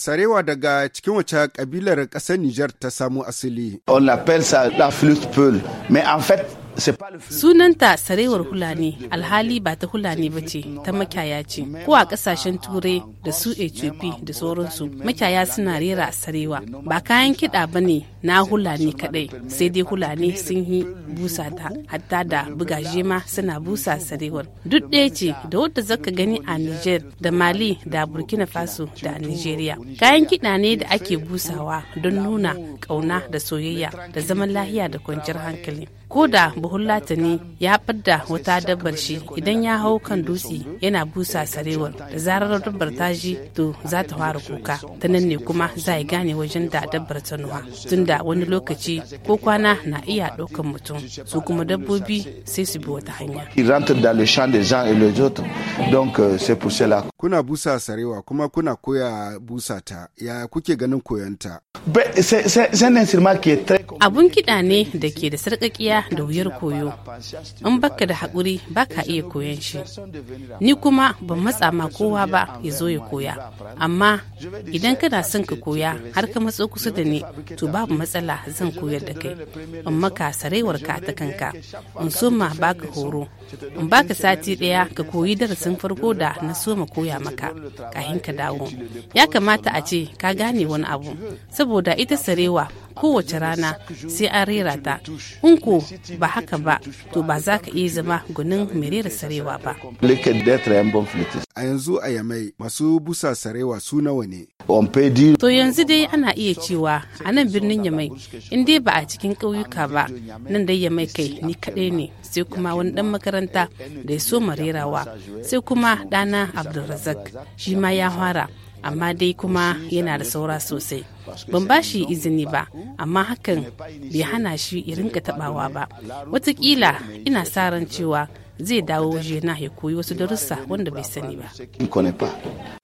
sarewa daga cikin wace kabilar ƙasar Nijar ta samu asali. On l'appelle ça la flûte peul, mais en fait Sunanta sarewar Hulani alhali ba ta Hulani ba ce ta makyaya ce ko a kasashen turai da su HOP da sauransu makyaya suna rera sarewa ba kayan kiɗa ba ne na Hulani kaɗai sai dai Hulani sun yi busa ta hatta da bugaje ma suna busa sarewar duk ɗaya ce da wadda zaka gani a Niger da Mali da Burkina Faso da Nigeria kayan kiɗa ne da ake busawa don nuna ƙauna da soyayya da zaman lahiya da kwanciyar hankali ko da buhullata ne ya fadda wata dabbar shi idan ya hau kan dutse yana busa sarewar da zarar dabbar ta ji to za ta fara kuka ta nan ne kuma za ya gane wajen da dabbar ta nuwa tunda wani lokaci ko kwana na iya ɗaukan mutum su kuma dabbobi sai su bi wata hanya. Kuna busa sarewa kuma kuna koya busa ta ya kuke ganin koyonta. abun kiɗa ne da ke da sarƙaƙiya da wuyar koyo in baka da haƙuri baka iya koyon shi ni kuma ban matsa ma kowa ba ya zo ya koya amma idan kana son ka koya har ka matso kusa da ni to babu matsala zan koyar da kai in maka sarewar ka ta kanka in soma baka horo in baka sati ɗaya ka koyi darasin farko da na soma koya maka kahin ka dawo ya kamata a ce ka gane wani abu saboda ita sarewa kowace rana sai an rera ta in ko ba haka ba to ba za ka iya zama gunin merera sarewa ba a yanzu a yamai masu busa sarewa su nawa ne to yanzu dai ana iya cewa a nan birnin yamai in dai ba a cikin ƙauyuka ba nan dai yamai kai ni kaɗai ne sai kuma wani ɗan makaranta da ya so marerawa sai kuma ɗana abdulrazak shi ma ya fara amma dai kuma yana da saura sosai ban ba shi izini ba amma hakan bai hana shi ya rinka tabawa ba watakila ina sa ran cewa zai dawo na ya koyi wasu darussa wanda bai sani ba